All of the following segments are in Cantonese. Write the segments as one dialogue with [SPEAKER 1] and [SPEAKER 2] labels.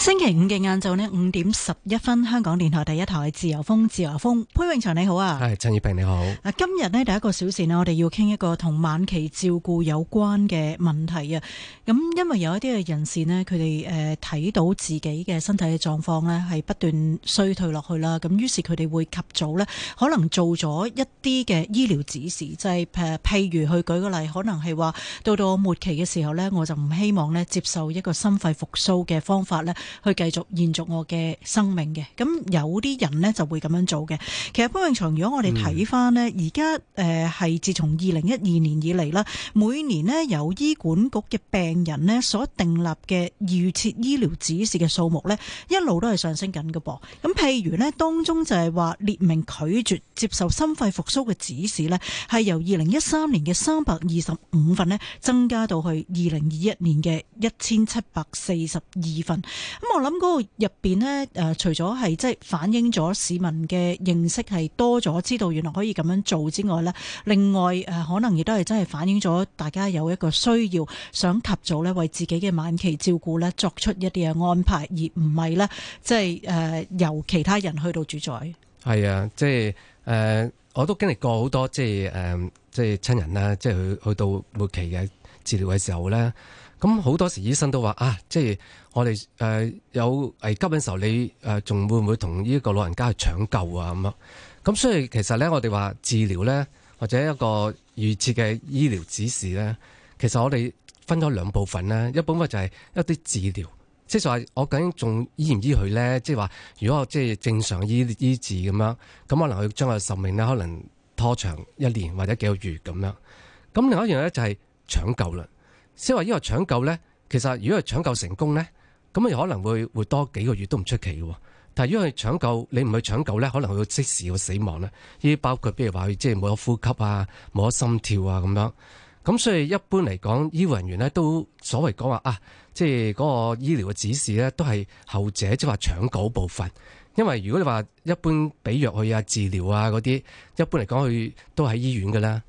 [SPEAKER 1] 星期五嘅晏晝呢，五點十一分，香港電台第一台《自由風》，自由風，潘永祥你好啊，
[SPEAKER 2] 係陳月平你好。啊，
[SPEAKER 1] 今日呢，第一個小時呢，我哋要傾一個同晚期照顧有關嘅問題啊。咁、嗯、因為有一啲嘅人士呢，佢哋誒睇到自己嘅身體嘅狀況呢係不斷衰退落去啦。咁於是佢哋會及早呢，可能做咗一啲嘅醫療指示，就係、是、譬，譬如去舉個例，可能係話到到我末期嘅時候呢，我就唔希望呢接受一個心肺復蘇嘅方法呢。去繼續延續我嘅生命嘅，咁有啲人呢就會咁樣做嘅。其實彭鴻昌，如果我哋睇返呢，而家誒係自從二零一二年以嚟啦，每年呢由醫管局嘅病人呢所訂立嘅預設醫療指示嘅數目呢，一路都係上升緊㗎噃。咁譬如呢，當中就係話列明拒絕接受心肺復甦嘅指示呢，係由二零一三年嘅三百二十五份呢，增加到去二零二一年嘅一千七百四十二份。咁我諗嗰個入邊呢，誒、呃，除咗係即係反映咗市民嘅認識係多咗，知道原來可以咁樣做之外呢，另外誒、呃，可能亦都係真係反映咗大家有一個需要，想及早呢為自己嘅晚期照顧呢作出一啲嘅安排，而唔係呢，即係誒由其他人去到主宰。
[SPEAKER 2] 係啊，即係誒、呃，我都經歷過好多即係誒，即係、呃、親人啦，即係去去到末期嘅治療嘅時候呢。咁好多時醫生都話啊，即係我哋、呃、有危急嘅時候，你、呃、仲會唔會同呢個老人家去搶救啊？咁樣咁，所以其實咧，我哋話治療咧，或者一個預設嘅醫療指示咧，其實我哋分咗兩部分咧。一部分就係一啲治療，即係話我究竟仲醫唔醫佢咧？即係話如果我即係正常醫醫治咁樣，咁可能佢將我壽命咧可能拖長一年或者幾個月咁樣。咁另外一樣咧就係、是、搶救啦。即係話依個搶救咧，其實如果係搶救成功咧，咁啊可能會活多幾個月都唔出奇嘅喎。但係如果係搶救，你唔去搶救咧，可能會有即時嘅死亡咧。依啲包括譬如話，即係冇咗呼吸啊，冇咗心跳啊咁樣。咁所以一般嚟講，醫護人員咧都所謂講話啊，即係嗰個醫療嘅指示咧，都係後者，即係話搶救部分。因為如果你話一般俾藥去啊治療啊嗰啲，一般嚟講佢都喺醫院㗎啦。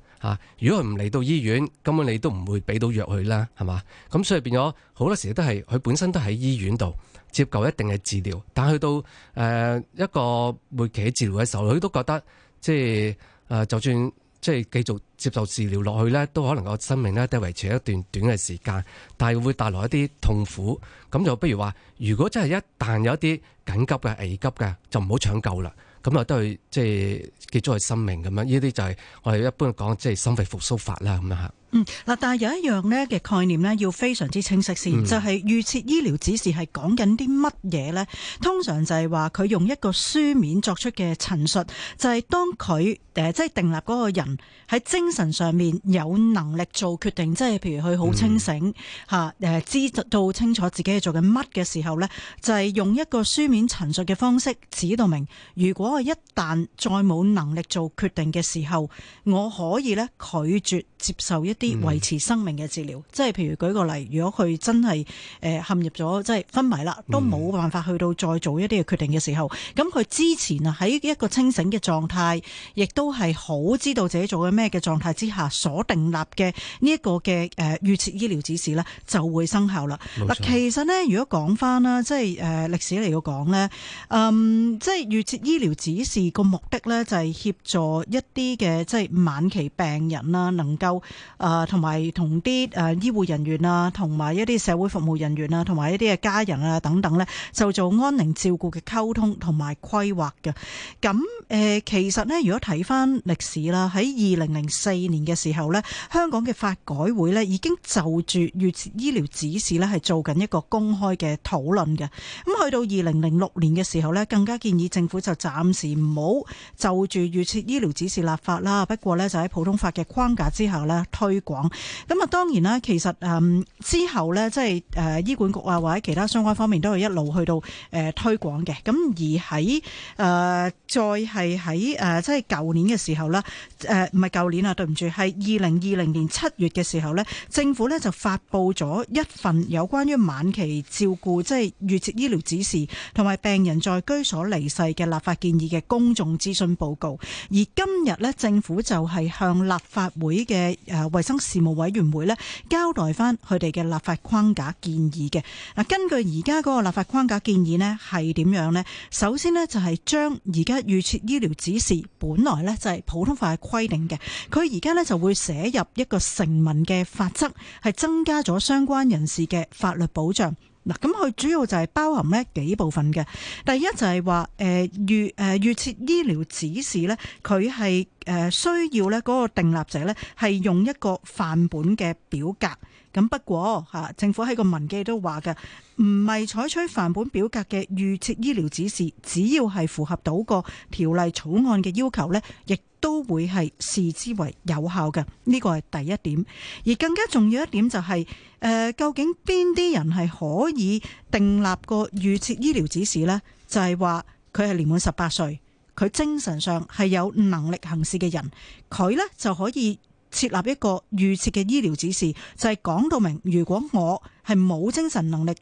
[SPEAKER 2] 如果佢唔嚟到醫院，根本你都唔會俾到藥佢啦，係嘛？咁所以變咗好多時都係佢本身都喺醫院度接受一定嘅治療，但去到、呃、一個末期嘅治療嘅時候，佢都覺得即係、呃、就算即係繼續接受治療落去咧，都可能個生命咧都係維持一段短嘅時間，但係會帶來一啲痛苦。咁就不如話，如果真係一旦有一啲緊急嘅危急嘅，就唔好搶救啦。咁又都去即係結束佢生命咁樣，呢啲就係我哋一般講即係心肺復甦法啦，咁樣。
[SPEAKER 1] 嗯，嗱，但係有一樣咧嘅概念咧，要非常之清晰先，就係、是、預設醫療指示係講緊啲乜嘢咧？通常就係話佢用一個書面作出嘅陳述，就係、是、當佢誒即係定立嗰個人喺精神上面有能力做決定，即係譬如佢好清醒吓，誒、嗯、知道清楚自己係做緊乜嘅時候咧，就係、是、用一個書面陳述嘅方式指到明，如果我一旦再冇能力做決定嘅時候，我可以咧拒絕接受一。啲、嗯、維持生命嘅治療，即係譬如舉個例，如果佢真係誒陷入咗即係昏迷啦，都冇辦法去到再做一啲嘅決定嘅時候，咁、嗯、佢之前啊喺一個清醒嘅狀態，亦都係好知道自己做緊咩嘅狀態之下，所訂立嘅呢一個嘅誒預設醫療指示咧，就會生效啦。嗱，其實呢，如果講翻啦，即係誒歷史嚟講咧，嗯，即係預設醫療指示個目的咧，就係協助一啲嘅即係晚期病人啊，能夠啊，啊，同埋同啲醫護人員啊，同埋一啲社會服務人員啊，同埋一啲嘅家人啊等等咧，就做安寧照顧嘅溝通同埋規劃嘅。咁誒其實咧，如果睇翻歷史啦，喺二零零四年嘅時候咧，香港嘅法改會咧已經就住預設醫療指示咧係做緊一個公開嘅討論嘅。咁去到二零零六年嘅時候咧，更加建議政府就暫時唔好就住預設醫療指示立法啦。不過咧，就喺普通法嘅框架之下咧推。廣咁啊，當然啦，其實誒之後呢，即係誒醫管局啊，或者其他相關方面都係一路、呃、去到誒推廣嘅。咁而喺誒再係喺誒即係舊年嘅時候啦，誒唔係舊年啊，對唔住，係二零二零年七月嘅時候呢，政府呢就發布咗一份有關於晚期照顧即係預設醫療指示同埋病人在居所離世嘅立法建議嘅公眾諮詢報告。而今日呢，政府就係向立法會嘅誒衛。事務委員會咧交代翻，佢哋嘅,立法框架建議嘅嗱，根據而家嗰個立法框架建議呢係點樣呢？首先呢，就係將而家預設醫療指示本來呢就係普通法嘅規定嘅，佢而家呢就會寫入一個成文嘅法則，係增加咗相關人士嘅法律保障。嗱，咁佢主要就係包含呢幾部分嘅。第一就係話，預預誒預設醫療指示咧，佢係、呃、需要咧嗰個訂立者咧，係用一個範本嘅表格。咁不過吓，政府喺個文記都話嘅，唔係採取範本表格嘅預設醫療指示，只要係符合到個條例草案嘅要求呢，亦都會係視之為有效嘅。呢個係第一點。而更加重要一點就係、是呃，究竟邊啲人係可以訂立個預設醫療指示呢？就係話佢係年滿十八歲，佢精神上係有能力行事嘅人，佢呢就可以。設立一個預設嘅醫療指示，就係講到明，如果我係冇精神能力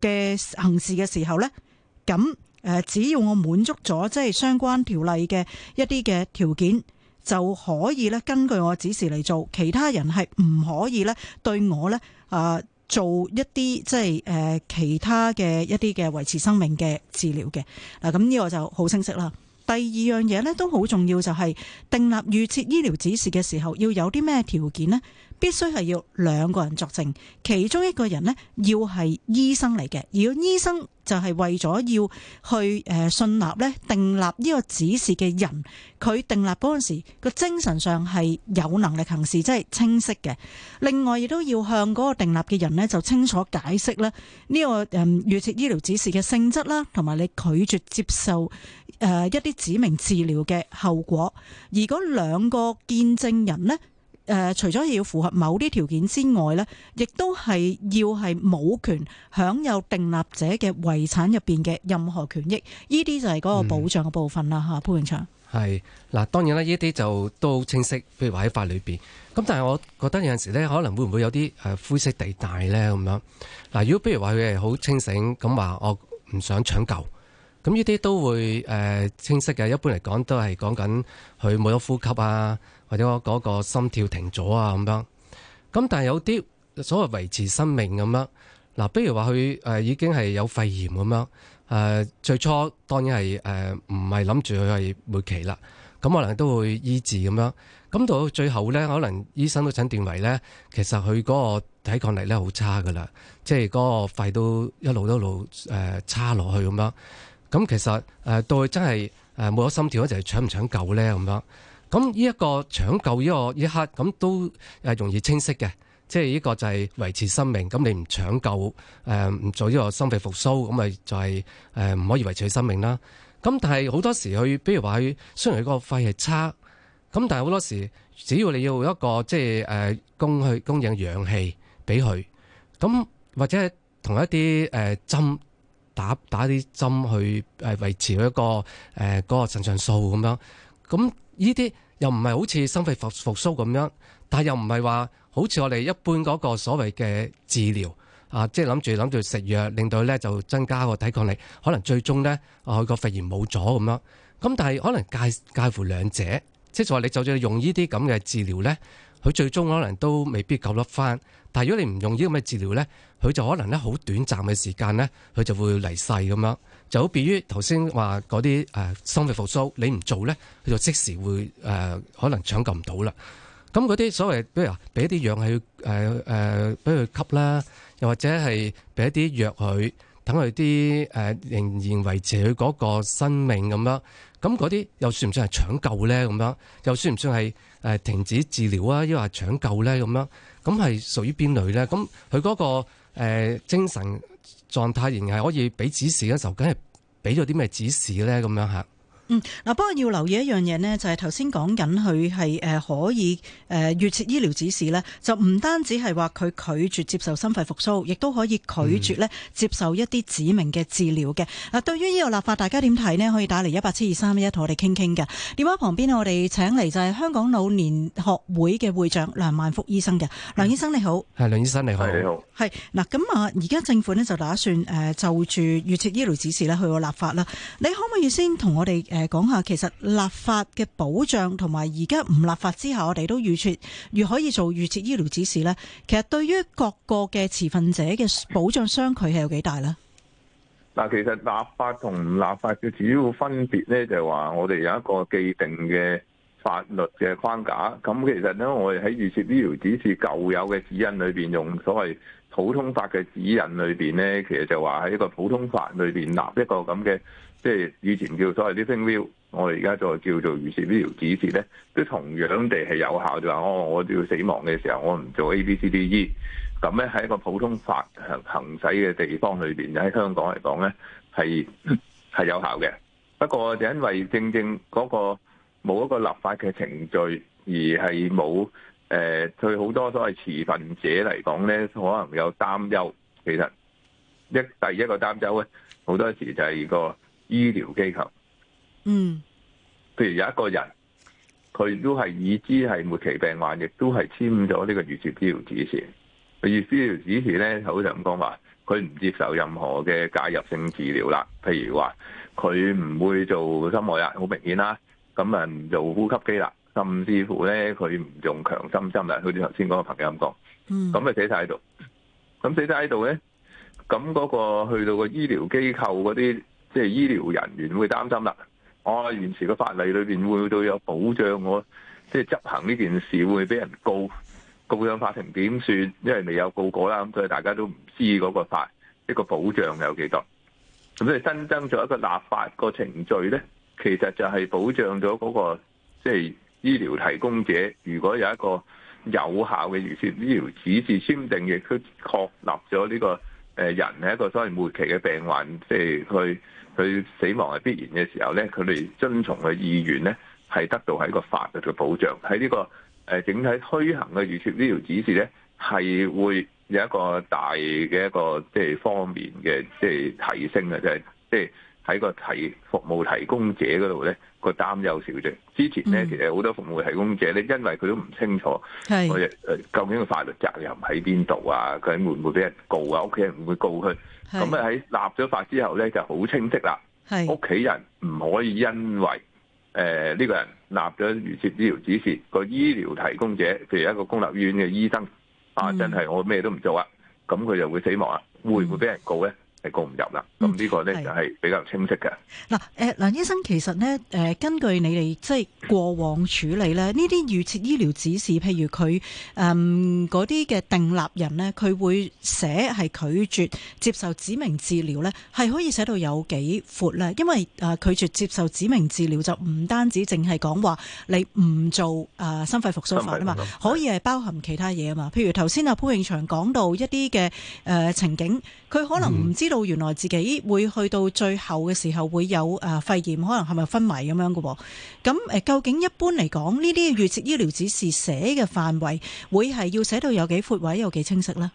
[SPEAKER 1] 嘅行事嘅時候呢，咁誒，只要我滿足咗即係相關條例嘅一啲嘅條件，就可以呢根據我指示嚟做，其他人係唔可以呢對我呢啊做一啲即係誒其他嘅一啲嘅維持生命嘅治療嘅嗱，咁呢個就好清晰啦。第二樣嘢咧都好重要，就係訂立預設醫療指示嘅時候要有啲咩條件呢？必須係要兩個人作證，其中一個人呢要係醫生嚟嘅，而個醫生就係為咗要去誒信立呢定立呢個指示嘅人，佢定立嗰陣時個精神上係有能力行事，即係清晰嘅。另外亦都要向嗰個定立嘅人呢就清楚解釋呢呢個誒預設醫療指示嘅性質啦，同埋你拒絕接受誒、呃、一啲指明治療嘅後果。而嗰兩個見證人呢。誒，除咗要符合某啲條件之外咧，亦都係要係冇權享有訂立者嘅遺產入邊嘅任何權益，依啲就係嗰個保障嘅部分啦，嚇潘永祥。
[SPEAKER 2] 係嗱，當然啦，依啲就都好清晰，譬如話喺法裏邊。咁但係我覺得有陣時咧，可能會唔會有啲誒灰色地帶咧咁樣？嗱，如果譬如話佢係好清醒，咁話我唔想搶救。咁呢啲都會誒清晰嘅，一般嚟講都係講緊佢冇咗呼吸啊，或者嗰個心跳停咗啊咁樣。咁但係有啲所謂維持生命咁樣，嗱，比如話佢誒已經係有肺炎咁樣誒，最初當然係誒唔係諗住佢係末期啦。咁可能都會醫治咁樣。咁到最後咧，可能醫生都診斷為咧，其實佢嗰個抵抗力咧好差㗎啦，即係嗰個肺都一路一路誒差落去咁樣。咁其實誒到真係誒冇咗心跳咧，就係、是、搶唔搶救咧咁樣。咁呢一個搶救呢個一刻，咁都誒容易清晰嘅。即係呢個就係、是、維持生命。咁你唔搶救誒，唔做呢個心肺復甦，咁咪就係誒唔可以維持佢生命啦。咁但係好多時佢，比如話佢雖然佢個肺係差，咁但係好多時，只要你要一個即係誒供去供應氧氣俾佢，咁或者同一啲誒、呃、針。打打啲針去誒維持一個誒嗰、呃那個腎上素咁樣，咁呢啲又唔係好似心肺復復甦咁樣，但係又唔係話好似我哋一般嗰個所謂嘅治療啊，即係諗住諗住食藥令到咧就增加個抵抗力，可能最終咧佢個肺炎冇咗咁樣，咁但係可能介介乎兩者，即係話你就算用這這呢啲咁嘅治療咧。佢最終可能都未必救得翻，但係如果你唔用呢啲咁嘅治療咧，佢就可能咧好短暫嘅時間咧，佢就會離世咁樣。就好比於頭先話嗰啲誒心肺復甦，你唔做咧，佢就即時會誒、呃、可能搶救唔到啦。咁嗰啲所謂譬如話俾啲氧氣誒誒俾佢吸啦，又或者係俾一啲藥佢等佢啲誒仍然維持佢嗰個生命咁樣。咁嗰啲又算唔算係搶救咧？咁樣又算唔算係誒停止治療啊？抑或係搶救咧？咁樣咁係屬於邊類咧？咁佢嗰個誒精神狀態仍然係可以俾指示嘅時候，梗係俾咗啲咩指示咧？咁樣吓。
[SPEAKER 1] 嗯，嗱，不過要留意一樣嘢呢，就係頭先講緊佢係誒可以誒預設醫療指示呢，就唔單止係話佢拒絕接受心肺復甦，亦都可以拒絕呢接受一啲指明嘅治療嘅。嗱、嗯嗯，對於呢個立法，大家點睇呢？可以打嚟一八七二三一一同我哋傾傾嘅。電話旁邊我哋請嚟就係香港老年學會嘅會長梁萬福醫生嘅。梁醫生你好，
[SPEAKER 2] 係梁醫生你好，你好。
[SPEAKER 1] 係嗱，咁啊，而家政府呢，就打算誒就住預設醫療指示呢去個立法啦。你可唔可以先同我哋？誒，講下其實立法嘅保障，同埋而家唔立法之下，我哋都預設，如可以做預設醫療指示呢，其實對於各個嘅持份者嘅保障，相距係有幾大呢？
[SPEAKER 3] 嗱，其實立法同唔立法嘅主要分別呢，就係話我哋有一個既定嘅法律嘅框架。咁其實呢，我哋喺預設醫療指示舊有嘅指引裏邊，用所謂普通法嘅指引裏邊呢，其實就話喺一個普通法裏邊立一個咁嘅。即係以前叫所謂啲 living will 我哋而家再叫做預設呢條指示咧，都同樣地係有效的，就話哦，我要死亡嘅時候，我唔做 A、B、C、D、E，咁咧喺一個普通法行行使嘅地方裏邊就喺香港嚟講咧係係有效嘅。不過就因為正正嗰個冇一個立法嘅程序，而係冇誒對好多所謂持份者嚟講咧，可能有擔憂。其實一第一個擔憂咧，好多時就係個。醫療機構，嗯，譬如有一個人，佢都係已知係末期病患，亦都係簽咗呢個預設醫療指示。佢預設醫療指示咧，好似咁講話，佢唔接受任何嘅介入性治療啦。譬如話佢唔會做心外壓，好明顯啦。咁啊唔做呼吸機啦，甚至乎咧佢唔用強心針啦。好似頭先嗰個朋友咁講，咁啊寫晒喺度。咁寫晒喺度咧，咁嗰個去到個醫療機構嗰啲。即係醫療人員會擔心啦。我、啊、現時個法例裏邊會唔會到有保障我，我即係執行呢件事會俾人告告上法庭點算？因為未有告過啦，咁所以大家都唔知嗰個法一個保障有幾多。咁所以新增咗一個立法個程序咧，其實就係保障咗嗰、那個即係、就是、醫療提供者，如果有一個有效嘅預設醫療指示簽訂，亦都確立咗呢個誒人係一個所謂末期嘅病患，即係去。佢死亡係必然嘅時候咧，佢哋遵從嘅意願咧，係得到係一個法律嘅保障。喺呢個誒整體推行嘅預設呢條指示咧，係會有一個大嘅一個即係方面嘅即係提升嘅，即係即係。喺個提服務提供者嗰度咧，個擔憂少啲。之前咧，其實好多服務提供者咧，因為佢都唔清楚，我哋究竟個法律責任喺邊度啊？佢會唔會俾人告啊？屋企人會唔會告佢？咁啊喺立咗法之後咧，就好清晰啦。屋企人唔可以因為誒呢個人立咗預設醫療指示，個醫療提供者，譬如一個公立醫院嘅醫生，啊真係我咩都唔做啊，咁佢就會死亡啊？會唔會俾人告咧？係唔入啦，咁、這、呢個咧就
[SPEAKER 1] 係比較清晰嘅。嗱、嗯，誒，梁醫生，其實呢，誒，根據你哋即係過往處理咧，呢啲預設醫療指示，譬如佢誒嗰啲嘅訂立人呢，佢會寫係拒絕接受指明治療呢，係可以寫到有幾闊咧？因為誒拒絕接受指明治療就唔單止淨係講話你唔做誒心肺復甦法啊嘛，可以係包含其他嘢啊嘛。譬如頭先阿潘永祥講到一啲嘅誒情景。佢可能唔知道，原來自己會去到最後嘅時候會有肺炎，可能係咪昏迷咁樣嘅？咁誒，究竟一般嚟講，呢啲預設醫療指示寫嘅範圍，會係要寫到有幾闊位，有幾清晰呢？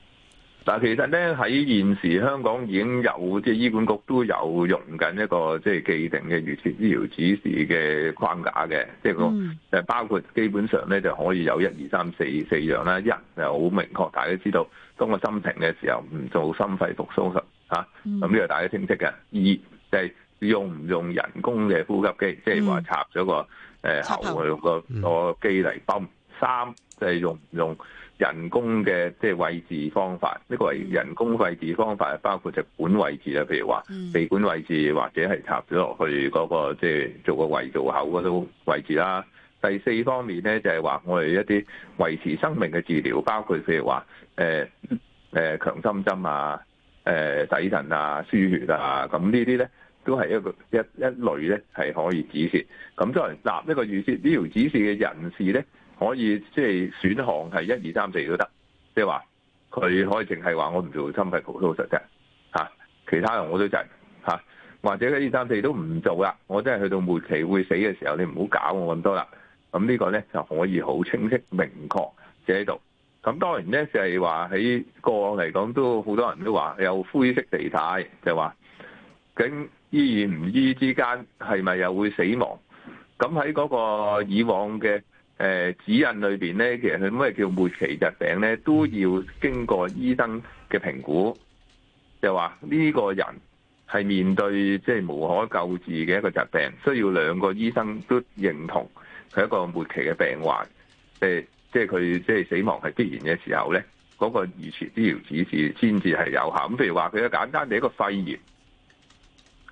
[SPEAKER 3] 嗱，其實咧喺現時香港已經有，即係醫管局都有用緊一個即係既定嘅預設醫療指示嘅框架嘅，即係個就包括基本上咧就可以有一二三四四樣啦。一就好明確，大家知道當個心停嘅時候唔做心肺復甦術嚇，咁呢個大家清晰嘅。二就係、是、用唔用人工嘅呼吸機？嗯、即係話插咗個誒喉嗰個，那個機嚟泵。嗯、三就係、是、用唔用？人工嘅即係位置方法，呢、這個係人工位置方法，包括隻管位置啦，譬如話鼻管位置，或者係插咗落去嗰、那個即係、就是、做個胃造口嗰度位置啦。第四方面咧就係、是、話我哋一啲維持生命嘅治療，包括譬如話誒誒強心針啊、誒洗腎啊、輸血啊，咁呢啲咧都係一個一一類咧係可以指示。咁作為立一個預設呢條指示嘅、這個、人士咧。可以即係選項係一二三四都得，即係話佢可以淨係話我唔做心肺復甦術啫，嚇，其他人我都淨、就、係、嚇、或者一二三四都唔做啦。我真係去到末期會死嘅時候，你唔好搞我咁多啦。咁呢個咧就可以好清晰明確寫喺度。咁當然咧就係話喺過往嚟講，都好多人都話有灰色地帶，就話緊醫與唔醫之間係咪又會死亡？咁喺嗰個以往嘅。誒指引裏邊咧，其實佢咩叫末期疾病咧，都要經過醫生嘅評估，就話呢個人係面對即係無可救治嘅一個疾病，需要兩個醫生都認同佢一個末期嘅病患，誒，即係佢即係死亡係必然嘅時候咧，嗰個預設醫療指示先至係有效。咁譬如話佢一簡單嘅一個肺炎，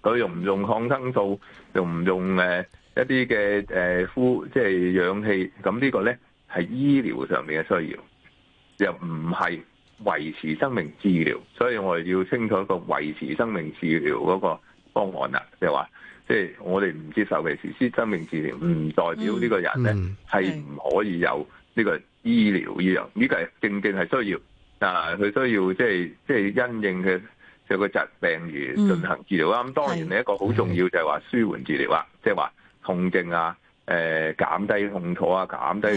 [SPEAKER 3] 佢用唔用抗生素，又用唔用誒？一啲嘅呼，即係氧氣，咁呢個咧係醫療上面嘅需要，又唔係維持生命治療，所以我哋要清楚一個維持生命治療嗰個方案啦，即係話，即係我哋唔接受維持生命治療，唔代表呢個人咧係唔可以有呢個醫療一樣，呢個係正正係需要啊，佢需要即係即係因應嘅個疾病而進行治療。咁當然你一個好重要就係話舒緩治療啦，即係話。痛症啊，誒，減低痛楚啊，減低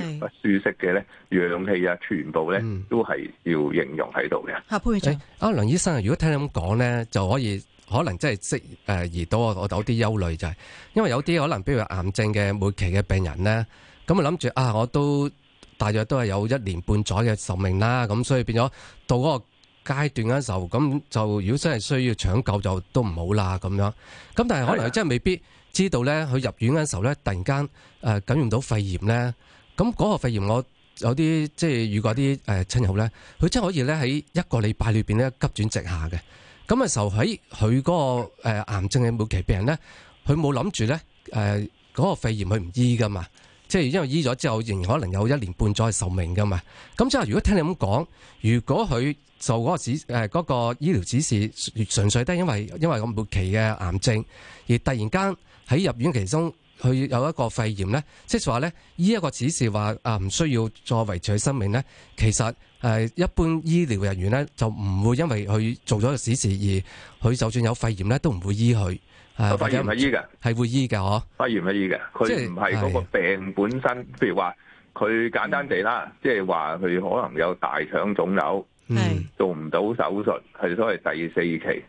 [SPEAKER 3] 舒適嘅咧，氧氣啊，全部咧都係要應用喺度
[SPEAKER 1] 嘅。阿佩
[SPEAKER 2] 仔，阿梁醫生，如果聽你咁講咧，就可以可能真係識誒，而到我我有啲憂慮就係，因為有啲可能比如癌症嘅每期嘅病人咧，咁啊諗住啊，我都大約都係有一年半載嘅壽命啦，咁所以變咗到嗰個階段嘅時候，咁就如果真係需要搶救就都唔好啦，咁樣。咁但係可能真係未必。知道咧，佢入院嗰陣時候咧，突然間誒感染到肺炎咧，咁、那、嗰個肺炎我有啲即係遇過啲誒親友咧，佢真係可以咧喺一個禮拜裏邊咧急轉直下嘅。咁嘅時候喺佢嗰個誒癌症嘅末期病人咧，佢冇諗住咧誒嗰個肺炎佢唔醫噶嘛，即係因為醫咗之後仍然可能有一年半載壽命噶嘛。咁即係如果聽你咁講，如果佢就嗰個指誒、那個醫療指示純粹都係因為因為個末期嘅癌症而突然間。喺入院其中，佢有一個肺炎咧，即係話咧，醫一個指示話啊，唔需要再維持佢生命咧。其實誒，一般醫療人員咧就唔會因為佢做咗個指示而佢就算有肺炎咧都唔會醫佢。肺炎係醫嘅，係會醫嘅呵。
[SPEAKER 3] 肺炎係醫嘅，佢唔係嗰個病本身。就是、譬如話，佢簡單地啦，即係話佢可能有大腸腫瘤，做唔到手術，係所謂第四期。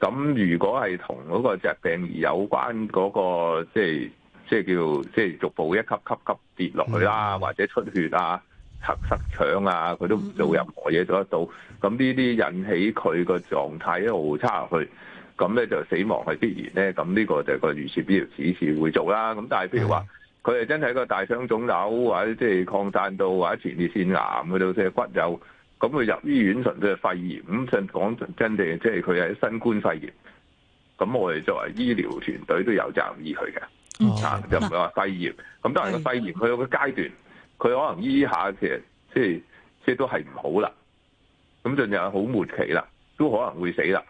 [SPEAKER 3] 咁如果係同嗰個疾病而有關嗰、嗰個，即係即係叫即係逐步一級級級跌落去啦，或者出血啊、咳塞、塞腸啊，佢都唔做任何嘢做得到。咁呢啲引起佢個狀態一路差落去，咁咧就死亡係必然咧。咁呢個就係個預設醫療指示會做啦。咁但係譬如話，佢係真係一個大腸腫瘤，或者即係擴散到或者前列腺癌嗰度，即係骨有。咁佢入醫院純粹係肺炎，咁就係講真哋，即係佢係新冠肺炎。咁我哋作為醫療團隊都有責任醫佢嘅，就唔係話肺炎。咁當然個肺炎佢有個階段，佢可能醫下其實即係即係都係唔好啦。咁進入好末期啦，都可能會死啦。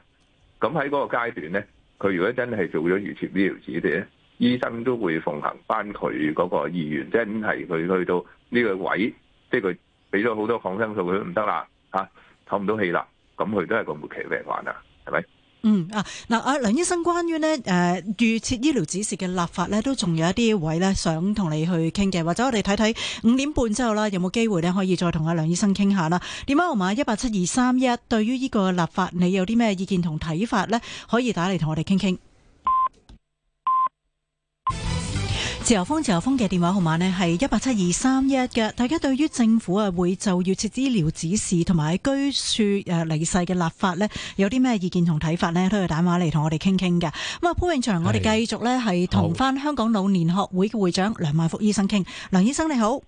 [SPEAKER 3] 咁喺嗰個階段咧，佢如果真係做咗預設呢條紙嘅，醫生都會奉行翻佢嗰個意願，即係係佢去到呢個位，即係佢。俾咗好多抗生素佢唔得啦，吓唞唔到氣啦，咁佢都係個末期病患啦，係咪？
[SPEAKER 1] 嗯啊，嗱阿梁醫生，關於呢誒，預設醫療指示嘅立法呢，都仲有一啲位呢想同你去傾嘅，或者我哋睇睇五點半之後啦，有冇機會呢可以再同阿梁醫生傾下啦？電話號碼一八七二三一，對於呢個立法，你有啲咩意見同睇法呢？可以打嚟同我哋傾傾。自由風，自由風嘅電話號碼呢係一八七二三一嘅。大家對於政府啊會就預設醫療指示同埋居處誒離世嘅立法呢，有啲咩意見同睇法呢？都可以打電話嚟同我哋傾傾嘅。咁啊，潘永祥，我哋繼續呢係同翻香港老年學會嘅會長梁萬福醫生傾。梁醫生你好。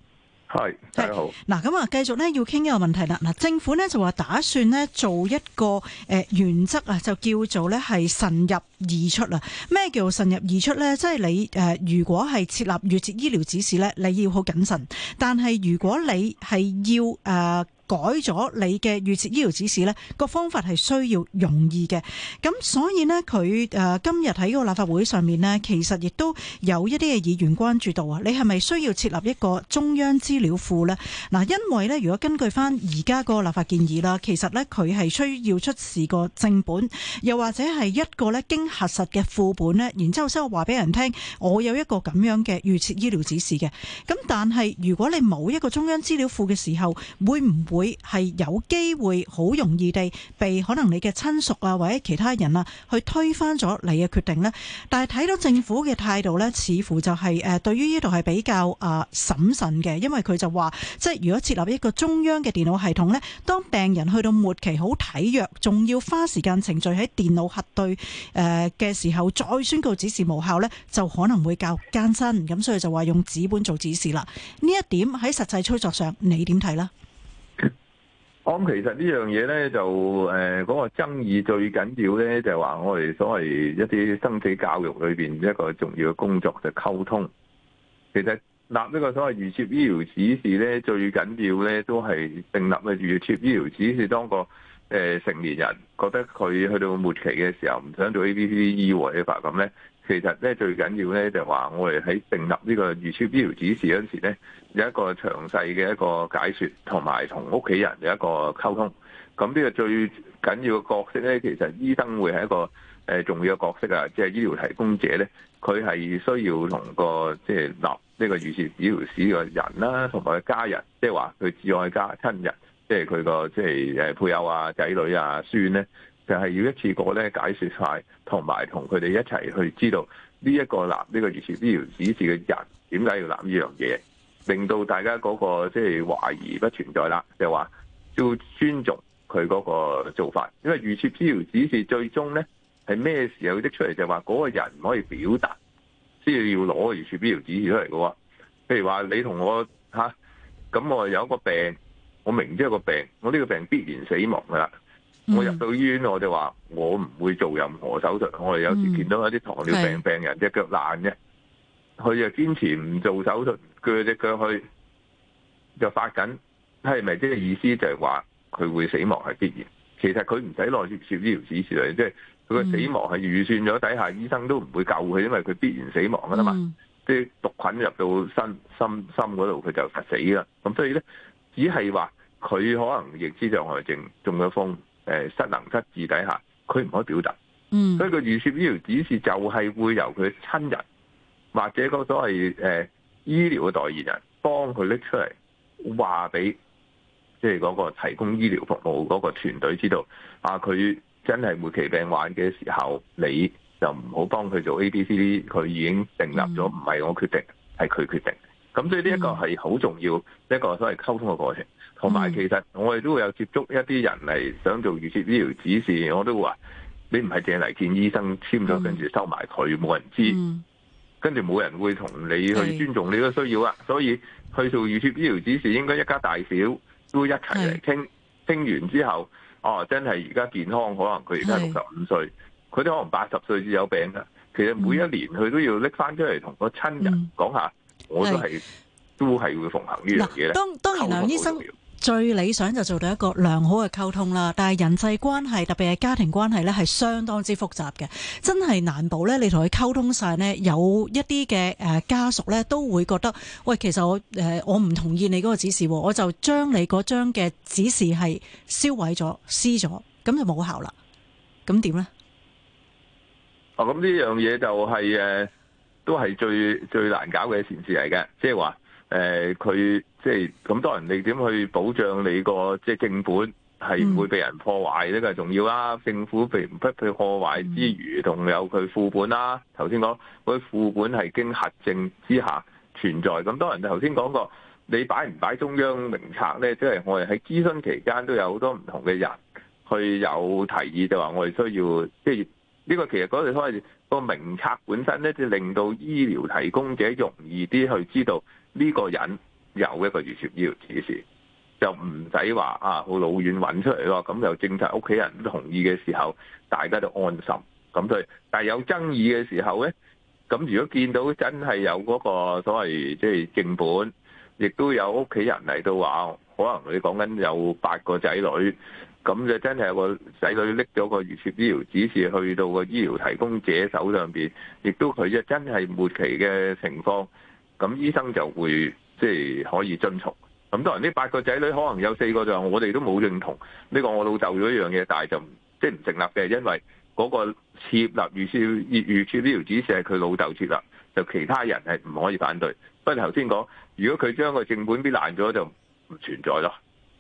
[SPEAKER 1] 係，大家好。嗱，咁啊，繼續咧要傾一個問題啦。嗱，政府咧就話打算咧做一個誒原則啊，就叫做咧係慎入而出啦。咩叫慎入而出咧？即係你誒、呃，如果係設立預設醫療指示咧，你要好謹慎。但係如果你係要誒。呃改咗你嘅預設醫療指示，呢個方法係需要容易嘅。咁所以呢，佢誒今日喺個立法會上面呢，其實亦都有一啲嘅議員關注到啊。你係咪需要設立一個中央資料庫呢？嗱，因為呢，如果根據返而家個立法建議啦，其實呢，佢係需要出示個正本，又或者係一個呢經核實嘅副本呢，然之後先話俾人聽，我有一個咁樣嘅預設醫療指示嘅。咁但係如果你冇一個中央資料庫嘅時候，會唔會？會係有機會好容易地被可能你嘅親屬啊，或者其他人啊，去推翻咗你嘅決定咧。但係睇到政府嘅態度咧，似乎就係誒，對於呢度係比較啊審慎嘅，因為佢就話即係如果設立一個中央嘅電腦系統咧，當病人去到末期好體弱，仲要花時間程序喺電腦核對誒嘅時候，再宣告指示無效咧，就可能會較艱辛。咁所以就話用紙本做指示啦。呢一點喺實際操作上，你點睇咧？
[SPEAKER 2] 我
[SPEAKER 3] 咁其實呢樣嘢呢，就誒嗰個爭議最緊要呢，就係話我哋所謂一啲生死教育裏面一個重要嘅工作就溝通。其實立呢個所謂預設醫療指示呢，最緊要呢都係訂立嘅預設醫療指示，當個成年人覺得佢去到末期嘅時候，唔想做 A P P E 或者法咁呢。其實咧最緊要咧就係話，我哋喺定立呢個預設醫療指示嗰陣時咧，有一個詳細嘅一個解説，同埋同屋企人有一個溝通。咁呢個最緊要嘅角色咧，其實醫生會係一個誒重要嘅角色啊，即係醫療提供者咧，佢係需要同個即係立呢個預設醫療史嘅人啦，同埋家人，即係話佢至愛家親人，即係佢個即係誒配偶啊、仔女啊、孫咧。就係、是、要一次過咧解釋晒，同埋同佢哋一齊去知道呢一個立呢、這個預設必要指示嘅人點解要立呢樣嘢，令到大家嗰、那個即係、就是、懷疑不存在啦。就話、是、要尊重佢嗰個做法，因為預設必要指示最終咧係咩時候搦出嚟？就話、是、嗰個人唔可以表達，先要要攞預設必要指示出嚟嘅喎。譬如話你同我吓，咁、啊、我有一個病，我明知有個病，我呢個病必然死亡噶啦。我入到醫院，我就話我唔會做任何手術。我哋有時見到有啲糖尿病病人隻、嗯、腳爛嘅，佢就堅持唔做手術，鋸隻腳去，就發緊。係咪即係意思就係話佢會死亡係必然？其實佢唔使來接接呢條指示嚟，即係佢嘅死亡係預算咗底下、嗯，醫生都唔會救佢，因為佢必然死亡㗎啦嘛。係、嗯即係、毒菌入到身心心心嗰度，佢就死啦。咁所以咧，只係話佢可能認知障礙症中咗風。誒，失能失智底下，佢唔可以表達、嗯，所以佢預設醫療指示就係會由佢親人或者個所謂誒、呃、醫療嘅代言人幫佢拎出嚟，話俾即係嗰個提供醫療服務嗰個團隊知道，啊，佢真係末期病患嘅時候，你就唔好幫佢做 A、B、C、D 佢已經訂立咗，唔、嗯、係我決定，係佢決定。咁所以呢一個係好重要一、這個所謂溝通嘅過程。同埋，其實我哋都會有接觸一啲人嚟想做預設醫療指示，我都會話你唔係淨係嚟見醫生簽咗跟住收埋佢，冇人知，跟住冇人會同你去尊重你嘅需要啊。所以去做預設醫療指示，應該一家大小都一齊嚟傾，傾完之後，哦、啊，真係而家健康，可能佢而家六十五歲，佢都可能八十歲至有病㗎。其實每一年佢都要拎翻出嚟同個親人講下、嗯，我都係都係會奉行呢樣嘢咧。當當然，醫生。
[SPEAKER 1] 最理想就做到一個良好嘅溝通啦，但係人際關係特別係家庭關係呢，係相當之複雜嘅，真係難保呢，你同佢溝通晒呢，有一啲嘅誒家屬呢，都會覺得，喂，其實我誒我唔同意你嗰個指示，我就將你嗰張嘅指示係燒毀咗、撕咗，咁就冇效啦。咁點呢？
[SPEAKER 3] 啊、哦，咁呢樣嘢就係、是、誒，都係最最難搞嘅善事嚟嘅，即係話。誒、呃、佢即係咁多人，你點去保障你個即係正本係唔會被人破壞，呢個係重要啦？政府被唔被破壞之餘，仲有佢副本啦。頭先講佢副本係經核證之下存在，咁多人。頭先講過你擺唔擺中央名冊咧，即係我哋喺諮詢期間都有好多唔同嘅人去有提議，就話我哋需要即係呢、這個其實所謂個名冊本身咧，就令到醫療提供者容易啲去知道。呢個人有一個預設醫療指示，就唔使話啊好老遠揾出嚟咯。咁就政策屋企人都同意嘅時候，大家都安心。咁所以，但係有爭議嘅時候呢，咁如果見到真係有嗰個所謂即係正本，亦都有屋企人嚟到話，可能你講緊有八個仔女，咁就真係有個仔女拎咗個預設醫療指示去到個醫療提供者手上邊，亦都佢就真係末期嘅情況。咁醫生就會即係可以遵從。咁當然呢八個仔女可能有四個就我哋都冇認同呢、呢個我老豆做一樣嘢，但係就即係唔成立嘅，因為嗰個設立預設預設呢條指示係佢老豆設立，就其他人係唔可以反對。不過頭先講，如果佢將個正本啲爛咗，就唔存在咯。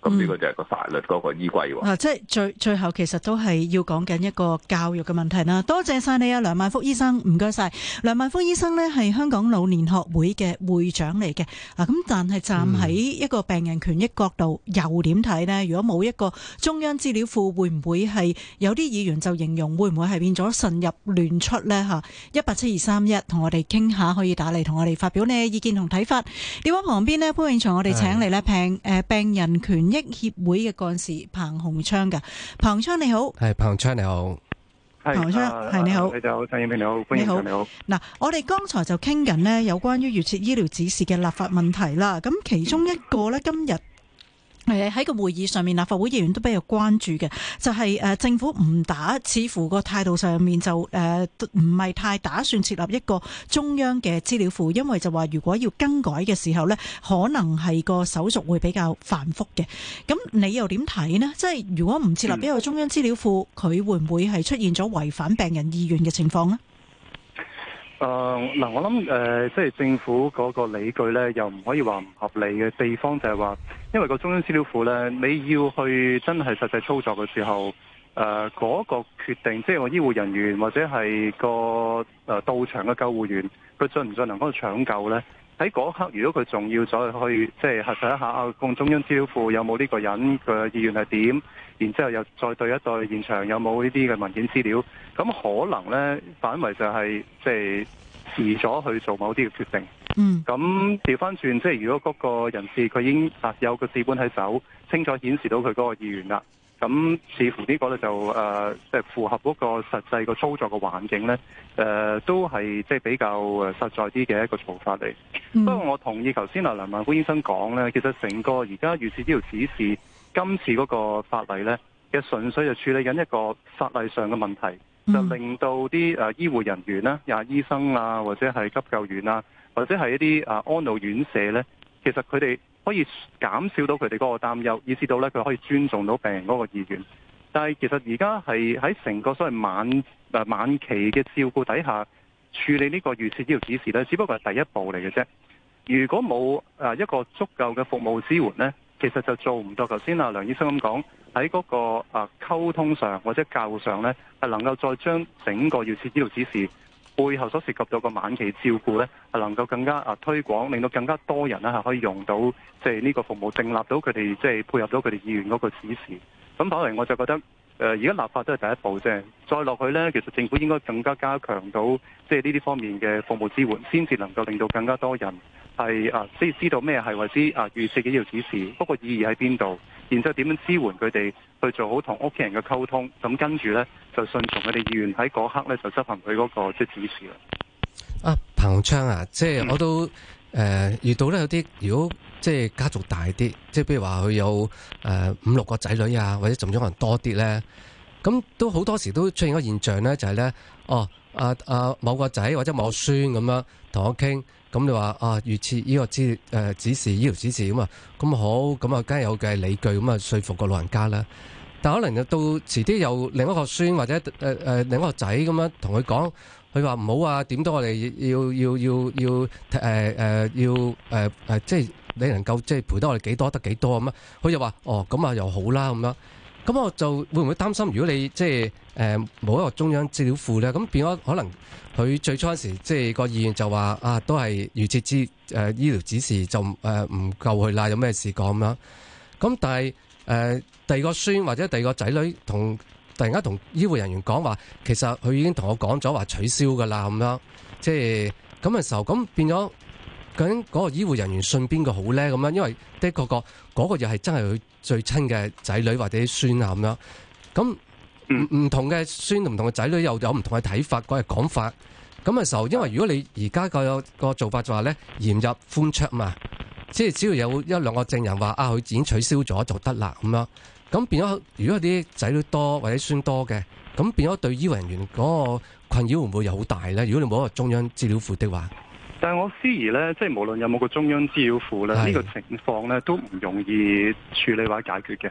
[SPEAKER 3] 咁、這、呢個就係個法律嗰個依歸喎。啊，
[SPEAKER 1] 即係最最後其實都係要講緊一個教育嘅問題啦。多謝晒你啊，梁萬福醫生，唔該晒，梁萬福醫生呢係香港老年學會嘅會長嚟嘅。啊，咁但係站喺一個病人權益角度、嗯、又點睇呢？如果冇一個中央資料庫，會唔會係有啲議員就形容會唔會係變咗神入亂出呢？嚇、啊，17231, 一八七二三一同我哋傾下，可以打嚟同我哋發表你嘅意見同睇法。電話旁邊呢，彭鴻昌，我哋請嚟呢，病誒、呃、病人權。醫協會嘅幹事彭鴻昌嘅，彭昌你好，
[SPEAKER 2] 係彭鴻昌你好，彭昌係你好，你好，陳議員你好，
[SPEAKER 1] 你好，你好。嗱，我哋剛才就傾緊咧有關於預設醫療指示嘅立法問題啦，咁其中一個咧今日。喺個會議上面，立法會議員都比較關注嘅，就係誒政府唔打，似乎個態度上面就誒唔係太打算設立一個中央嘅資料庫，因為就話如果要更改嘅時候呢，可能係個手續會比較繁複嘅。咁你又點睇呢？即係如果唔設立一個中央資料庫，佢會唔會係出現咗違反病人意願嘅情況呢？
[SPEAKER 4] 誒、呃、嗱，我諗誒、呃，即係政府嗰個理據呢，又唔可以話唔合理嘅地方就係話，因為嗰個中央資料庫呢，你要去真係實際操作嘅時候，誒、呃、嗰、那個決定，即係我醫護人員或者係、那個誒到、呃、場嘅救護員，佢盡唔盡能嗰個搶救呢？喺嗰刻，如果佢仲要再去，即係核實一下，共中央招呼有冇呢個人嘅意願係點，然之後又再對一對現場有冇呢啲嘅文件資料，咁可能呢，反而就係即係遲咗去做某啲嘅決定。嗯，咁調翻轉，即係如果嗰個人士佢已經啊有個紙本喺手，清楚顯示到佢嗰個意願啦。咁似乎呢個咧就誒即、呃就是、符合嗰個實際個操作個環境咧，誒、呃、都係即係比較誒實在啲嘅一個做法嚟、嗯。不過我同意頭、啊、先阿梁萬福醫生講咧，其實成個而家預設呢條指示，今次嗰個法例咧嘅純粹就處理緊一個法例上嘅問題、嗯，就令到啲誒醫護人員啦，醫生啊，或者係急救員啊，或者係一啲、啊、安老院舍咧。其實佢哋可以減少到佢哋嗰個擔憂，以致到呢，佢可以尊重到病人嗰個意願。但係其實而家係喺成個所謂晚誒晚期嘅照顧底下處理呢個預設醫療指示呢，只不過係第一步嚟嘅啫。如果冇誒一個足夠嘅服務支援呢，其實就做唔到。頭先阿梁醫生咁講，喺嗰個誒溝通上或者教育上呢，係能夠再將整個預設醫療指示。背後所涉及到個晚期照顧呢，係能夠更加啊推廣，令到更加多人咧係可以用到，即係呢個服務，訂立到佢哋即係配合到佢哋議員嗰個指示。咁反而我就覺得，誒而家立法都係第一步啫，再落去呢，其實政府應該更加加強到即係呢啲方面嘅服務支援，先至能夠令到更加多人。係啊，即係知道咩係或者啊，預設醫療指示。不過意義喺邊度？然之後點樣支援佢哋去做好同屋企人嘅溝通？咁跟住咧，就順從佢哋意願喺嗰刻咧，就執行佢嗰個即係指示啦。
[SPEAKER 2] 啊，彭昌啊，即係、嗯、我都誒、呃、遇到咧有啲，如果即係家族大啲，即係譬如話佢有誒五六個仔女啊，或者仲有人多啲咧，咁都好多時都出現一個現象咧，就係、是、咧，哦啊啊，某個仔或者某個孫咁樣同我傾。咁你話啊，預設呢個指誒、呃、指示醫療指示咁啊，咁、呃嗯嗯、好，咁、嗯、啊，梗、嗯、係有嘅理據，咁、嗯、啊，說服個老人家啦。但可能到都遲啲又有另一個孫或者誒誒、呃呃、另一個仔咁樣同佢講，佢話唔好啊，點都我哋要要要要誒誒要誒誒，即係你能夠即係陪我得我哋幾多得幾多咁啊？佢就話哦，咁啊又好啦咁樣。咁我就會唔會擔心？如果你即係誒冇一個中央資料庫咧，咁變咗可能佢最初時即係個議員就話啊，都係預設之誒、呃、醫療指示就誒唔夠去啦，有咩事講咁樣。咁但係誒、呃、第二個孫或者第二個仔女同突然間同醫護人員講話，其實佢已經同我講咗話取消㗎啦，咁樣即係咁嘅時候，咁變咗究竟嗰個醫護人員信邊個好咧？咁樣因為的確、個嗰個又係真係佢。最親嘅仔女或者孫啊咁樣。咁唔唔同嘅孫同唔同嘅仔女又有唔同嘅睇法或者講法，咁嘅時候，因為如果你而家個個做法就話咧，嚴入寬出嘛，即係只要有一兩個證人話啊，佢已經取消咗就得啦咁樣，咁變咗如果啲仔女多或者孫多嘅，咁變咗對醫護人員嗰個困擾會唔會又好大咧？如果你冇一個中央資料庫的話。
[SPEAKER 4] 但係我思疑呢，即係無論有冇個中央資料庫呢，呢個情況呢都唔容易處理或解決嘅。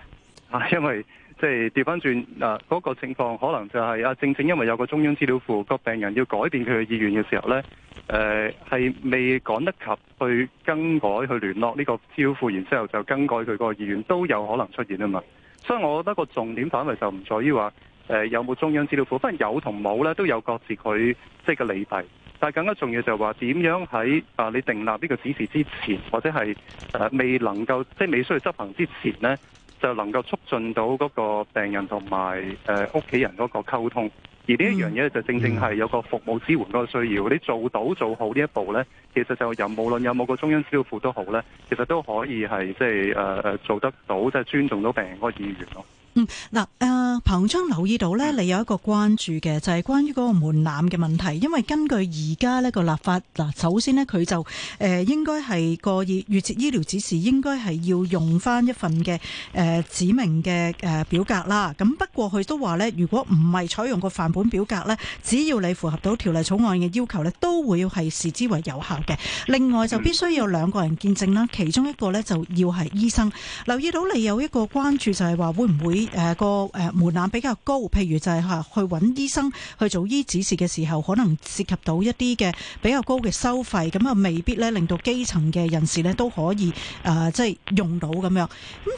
[SPEAKER 4] 啊，因為即係掉翻轉嗱，嗰、就是呃那個情況可能就係、是、啊，正正因為有個中央資料庫，個病人要改變佢嘅意願嘅時候呢，誒、呃、係未趕得及去更改去聯絡呢個資料庫，然之後就更改佢個意願都有可能出現啊嘛。所以，我覺得個重點範圍就唔在於話。誒有冇中央資料庫？不過有同冇呢都有各自佢即係個利弊。但係更加重要就係話點樣喺啊，你訂立呢個指示之前，或者係誒未能夠即係未需要執行之前呢，就能夠促進到嗰個病人同埋誒屋企人嗰個溝通。而呢一樣嘢就是正正係有個服務支援嗰個需要。你做到做好呢一步呢，其實就任無論有冇個中央醫療庫都好呢，其實都可以係即係誒、呃、做得到，即、就、係、是、尊重到病人嗰個意願咯。
[SPEAKER 1] 嗯，嗱、呃，彭鴻昌留意到咧，你有一個關注嘅就係、是、關於嗰個門檻嘅問題，因為根據而家呢個立法，嗱，首先咧佢就誒、呃、應該係個預預設醫療指示應該係要用翻一份嘅誒、呃、指明嘅誒表格啦。咁不過佢都話咧，如果唔係採用個範本表格咧，只要你符合到條例草案嘅要求咧，都會係視之為有效嘅。另外就必須有兩個人見證啦，其中一個咧就要係醫生。留意到你有一個關注就係、是、話會唔會？誒、呃，個誒門檻比較高，譬如就係吓去揾醫生去做醫指示嘅時候，可能涉及到一啲嘅比較高嘅收費，咁啊未必咧令到基層嘅人士咧都可以誒、呃，即係用到咁樣。咁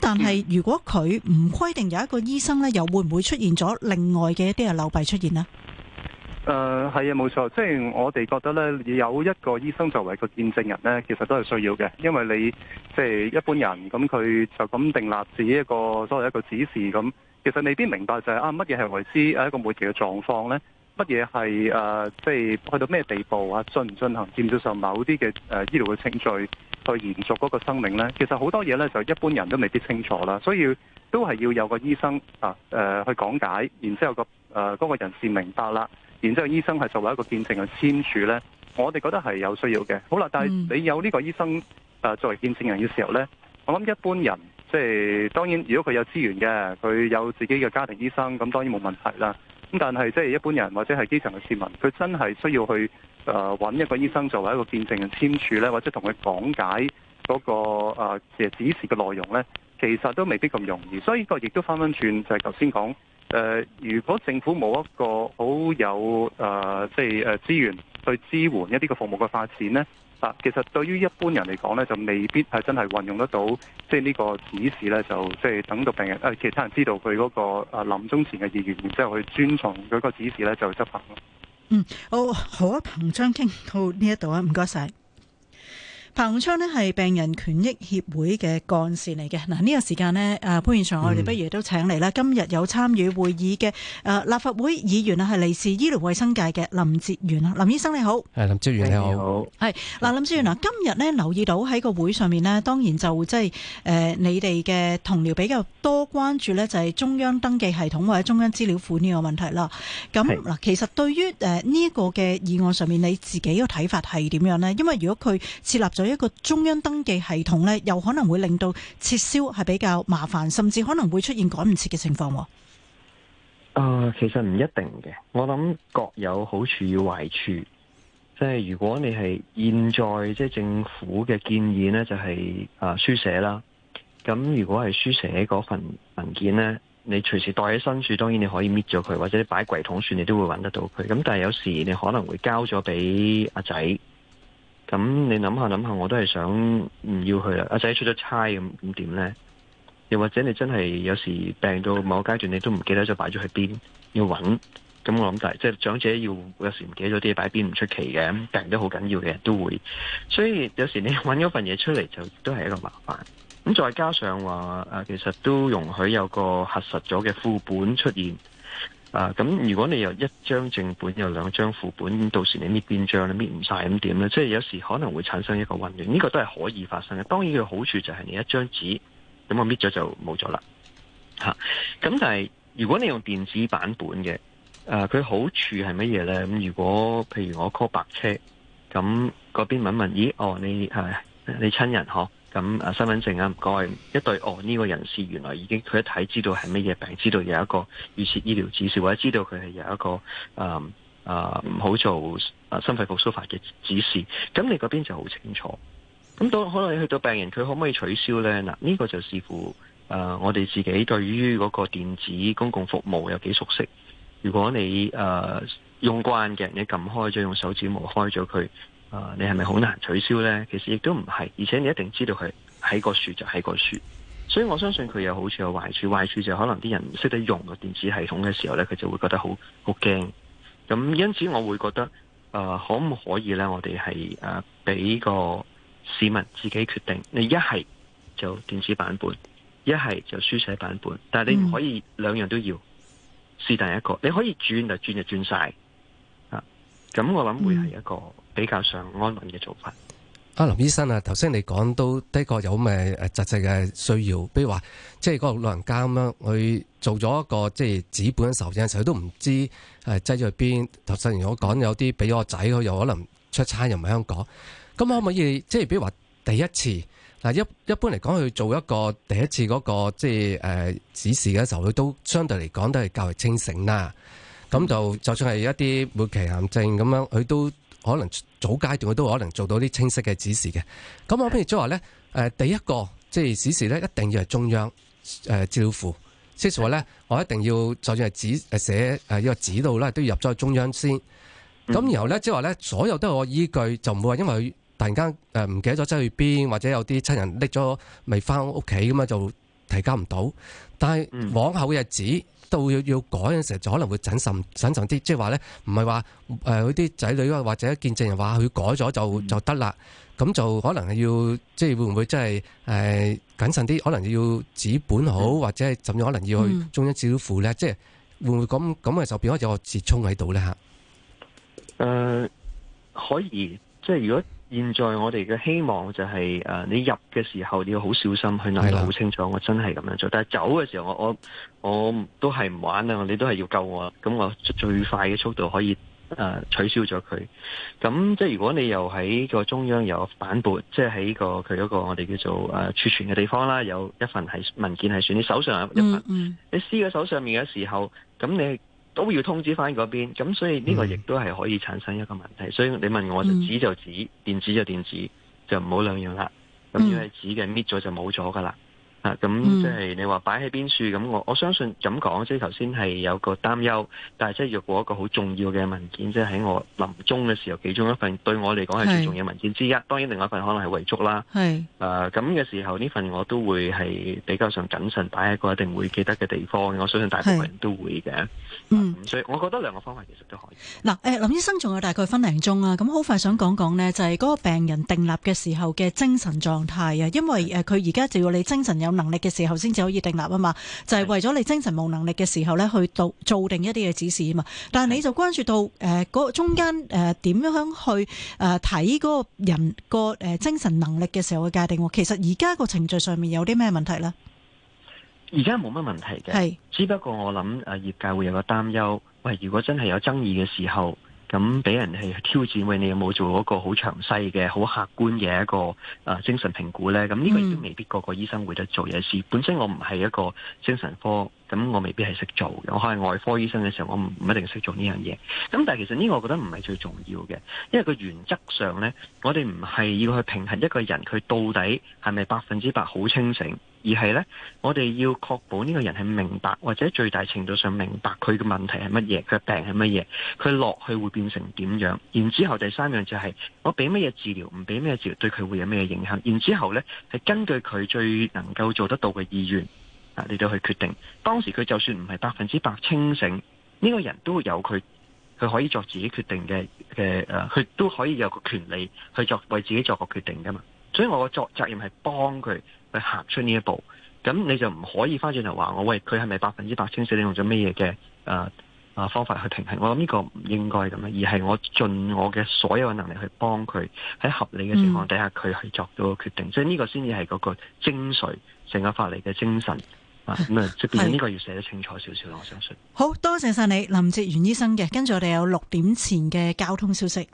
[SPEAKER 1] 但係如果佢唔規定有一個醫生咧，又會唔會出現咗另外嘅一啲嘅流弊出現呢？
[SPEAKER 4] 誒係啊，冇錯，即係我哋覺得呢，有一個醫生作為個見證人呢，其實都係需要嘅，因為你即係一般人咁，佢就咁定立自己一個所謂一個指示咁。其實未必明白就係啊，乜嘢係為之啊一個末期嘅狀況呢？乜嘢係即係去到咩地步啊？進唔進行，甚至上某啲嘅誒醫療嘅程序去延續嗰個生命呢？其實好多嘢呢，就一般人都未必清楚啦，所以都係要有個醫生啊、呃、去講解，然之後個嗰個、呃、人士明白啦。然之後，醫生係作為一個見證人簽署呢，我哋覺得係有需要嘅。好啦，但係你有呢個醫生誒、呃、作為見證人嘅時候呢，我諗一般人即係、就是、當然，如果佢有資源嘅，佢有自己嘅家庭醫生，咁當然冇問題啦。咁但係即係一般人或者係基層嘅市民，佢真係需要去誒揾、呃、一個醫生作為一個見證人簽署呢，或者同佢講解嗰、那個、呃、指示嘅內容呢，其實都未必咁容易。所以這個亦都翻翻轉就係頭先講。誒，如果政府冇一個好有誒，即係誒資源去支援一啲嘅服務嘅發展咧，嗱，其實對於一般人嚟講咧，就未必係真係運用得到，即係呢個指示咧，就即係等到病人誒其他人知道佢嗰個誒臨終前嘅意願，然之後去遵從佢個指示咧，就執行咯。嗯，
[SPEAKER 1] 哦、好，好啊，彭昌傾到呢一度啊，唔該晒。彭昌，呢係病人權益協會嘅幹事嚟嘅。嗱，呢個時間呢，啊，潘綸祥，我哋不如都請嚟啦，嗯。今日有參與會議嘅啊，呃、立法會議員啊，係嚟自醫療衛生界嘅林哲源啊，林醫生你好。
[SPEAKER 2] 係林哲玄，你好。
[SPEAKER 1] 係，嗱，林哲玄，嗱，今日呢留意到喺個會上面呢，當然就即係誒你哋嘅同僚比較多關注呢，就係中央登記系統或者中央資料庫呢個問題啦。咁，嗱，其實對於誒呢個嘅議案上面，你自己個睇法係點樣呢？因為如果佢設立咗。有一個中央登記系統呢，又可能會令到撤銷係比較麻煩，甚至可能會出現趕唔切嘅情況。啊、
[SPEAKER 5] 呃，其實唔一定嘅，我諗各有好處與壞處。即係如果你係現在即係、就是、政府嘅建議呢，就係、是、誒、呃、書寫啦。咁如果係書寫嗰份文件呢，你隨時帶喺身處，當然你可以搣咗佢，或者你擺喺櫃桶算，你都會揾得到佢。咁但係有時你可能會交咗俾阿仔。咁你諗下諗下，我都係想唔要去啦。阿仔出咗差咁咁點呢？又或者你真係有時病到某個階段，你都唔記得咗擺咗去邊，要揾咁。我諗大即係長者要有時唔記得咗啲嘢擺邊唔出奇嘅，病得好緊要嘅都會。所以有時你揾咗份嘢出嚟就都係一個麻煩。咁再加上話誒，其實都容許有個核實咗嘅副本出現。啊，咁如果你有一張正本，有兩張副本，到時你搣邊張呢？搣唔晒，咁點呢？即係有時可能會產生一個混亂，呢、這個都係可以發生嘅。當然佢好處就係你一張紙，咁我搣咗就冇咗啦。嚇、啊，咁但係如果你用電子版本嘅，誒、啊、佢好處係乜嘢呢？咁如果譬如我 call 白車，咁嗰邊問問，咦哦，你、哎、你親人嗬？咁啊，身份證啊，唔該，一對岸呢個人士原來已經佢一睇知道係乜嘢病，知道有一個預設醫療指示，或者知道佢係有一個啊、呃呃、唔好做心肺復蘇法嘅指示。咁你嗰邊就好清楚。咁到可能你去到病人，佢可唔可以取消呢？嗱，呢個就視乎誒、呃、我哋自己對於嗰個電子公共服務有幾熟悉。如果你誒、呃、用慣嘅，你撳開咗，用手指摸開咗佢。呃、你係咪好難取消呢？其實亦都唔係，而且你一定知道佢喺個樹就喺個樹，所以我相信佢有好處有壞處，壞處就是可能啲人唔識得用個電子系統嘅時候呢，佢就會覺得好好驚。咁因此我會覺得，誒、呃，可唔可以呢？我哋係誒俾個市民自己決定，你一係就電子版本，一係就書寫版本，但係你唔可以兩樣都要。是但一個，你可以轉就轉就轉晒啊！咁我諗會係一個。嗯比較上安穩嘅
[SPEAKER 2] 做法。阿、啊、林醫生啊，頭先你講都的確有咩嘅實質嘅需要，比如話，即係嗰個老人家咁樣，佢做咗一個即係紙本嘅手證，時候佢都唔知誒擠咗去邊。頭先如果講有啲俾我仔，佢又可能出差又唔喺香港，咁可唔可以？即係比如話第一次嗱，一一般嚟講，佢做一個第一次嗰、那個即係誒、呃、指示嘅時候，佢都相對嚟講都係較為清醒啦。咁就就算係一啲末期癌症咁樣，佢都。可能早階段都可能做到啲清晰嘅指示嘅。咁我譬如即係話咧，第一個即係指示咧，一定要係中央誒資料庫，即係話咧，我一定要就算係指、呃、寫誒呢個指導咧，都要入咗去中央先。咁然後咧，即係話咧，所有都有我依據就唔會話，因為佢突然間唔記得咗走去邊，或者有啲親人拎咗未翻屋企咁啊，就提交唔到。但係往後嘅日子。到要要改嘅時候就可能會謹慎、謹慎啲，即係話咧，唔係話誒嗰啲仔女或者見證人話佢改咗就就得啦，咁、嗯、就可能係要，即係會唔會真係誒謹慎啲？可能要紙本好，或者係怎樣？可能要去中央政府咧，嗯、即係會唔會咁咁啊？就變咗有個折衷喺度咧？吓，
[SPEAKER 5] 誒，可以，即係如果。現在我哋嘅希望就係、是、誒，你入嘅時候你要好小心去諗到好清楚，我真係咁樣做。但係走嘅時候，我我我都係唔玩啦，你都係要救我，咁我最快嘅速度可以誒、呃、取消咗佢。咁即係如果你又喺個中央有反撥，即係喺個佢嗰個我哋叫做誒、呃、儲存嘅地方啦，有一份係文件係算，你手上有一份，嗯嗯、你撕咗手上面嘅時候，咁你。都要通知翻嗰邊，咁所以呢個亦都係可以產生一個問題。嗯、所以你問我、嗯、紙就紙就紙，電子就電子，就唔好兩樣啦。咁、嗯、要係紙嘅搣咗就冇咗噶啦。咁即係你話擺喺邊處咁，我我相信咁講，即係頭先係有個擔憂，但係即係若果一個好重要嘅文件，即係喺我臨終嘅時候其中一份，對我嚟講係最重要文件之一。當然另外一份可能係遺囑啦。係咁嘅時候呢份我都會係比較上謹慎擺喺個一定會記得嘅地方。我相信大部分人都會嘅。嗯，所以我覺得兩個
[SPEAKER 1] 方法其實都可以。嗱，誒，林醫生仲有大概分零鐘啊，咁好快想講講呢，就係嗰個病人定立嘅時候嘅精神狀態啊，因為誒佢而家就要你精神有能力嘅時候先至可以定立啊嘛，就係、是、為咗你精神冇能力嘅時候呢，去到做定一啲嘅指示啊嘛。但係你就關注到誒嗰中間誒點樣去誒睇嗰個人個誒精神能力嘅時候嘅界定，其實而家個程序上面有啲咩問題呢？
[SPEAKER 5] 而家冇乜問題嘅，只不過我諗誒、啊、業界會有個擔憂，喂，如果真係有爭議嘅時候，咁俾人去挑戰，喂，你有冇做一個好詳細嘅、好客觀嘅一個啊精神評估呢？咁呢個亦都未必個個醫生會得做嘢。事、嗯、本身我唔係一個精神科。咁我未必係識做嘅，我可能外科醫生嘅時候，我唔唔一定識做呢樣嘢。咁但係其實呢個，我覺得唔係最重要嘅，因為個原則上呢，我哋唔係要去平衡一個人佢到底係咪百分之百好清醒，而係呢，我哋要確保呢個人係明白或者最大程度上明白佢嘅問題係乜嘢，佢病係乜嘢，佢落去會變成點樣。然之後第三樣就係、是、我俾乜嘢治療，唔俾乜嘢治療，對佢會有咩影響。然之後呢係根據佢最能夠做得到嘅意願。你就去決定，當時佢就算唔係百分之百清醒，呢、這個人都有佢佢可以作自己決定嘅嘅誒，佢都可以有個權利去作為自己作個決定噶嘛。所以我個作責任係幫佢去行出呢一步。咁你就唔可以翻轉頭話我喂，佢係咪百分之百清醒？你用咗咩嘢嘅誒誒方法去平衡？」我諗呢個唔應該咁樣，而係我盡我嘅所有嘅能力去幫佢喺合理嘅情況底下，佢去作到個決定。嗯、所以呢個先至係嗰個精髓，成個法例嘅精神。啊，咁 啊，即係呢個要寫得清楚
[SPEAKER 1] 少少啦。我相信，好多謝晒你林哲玄醫生嘅。跟住我哋有六點前嘅交通消息。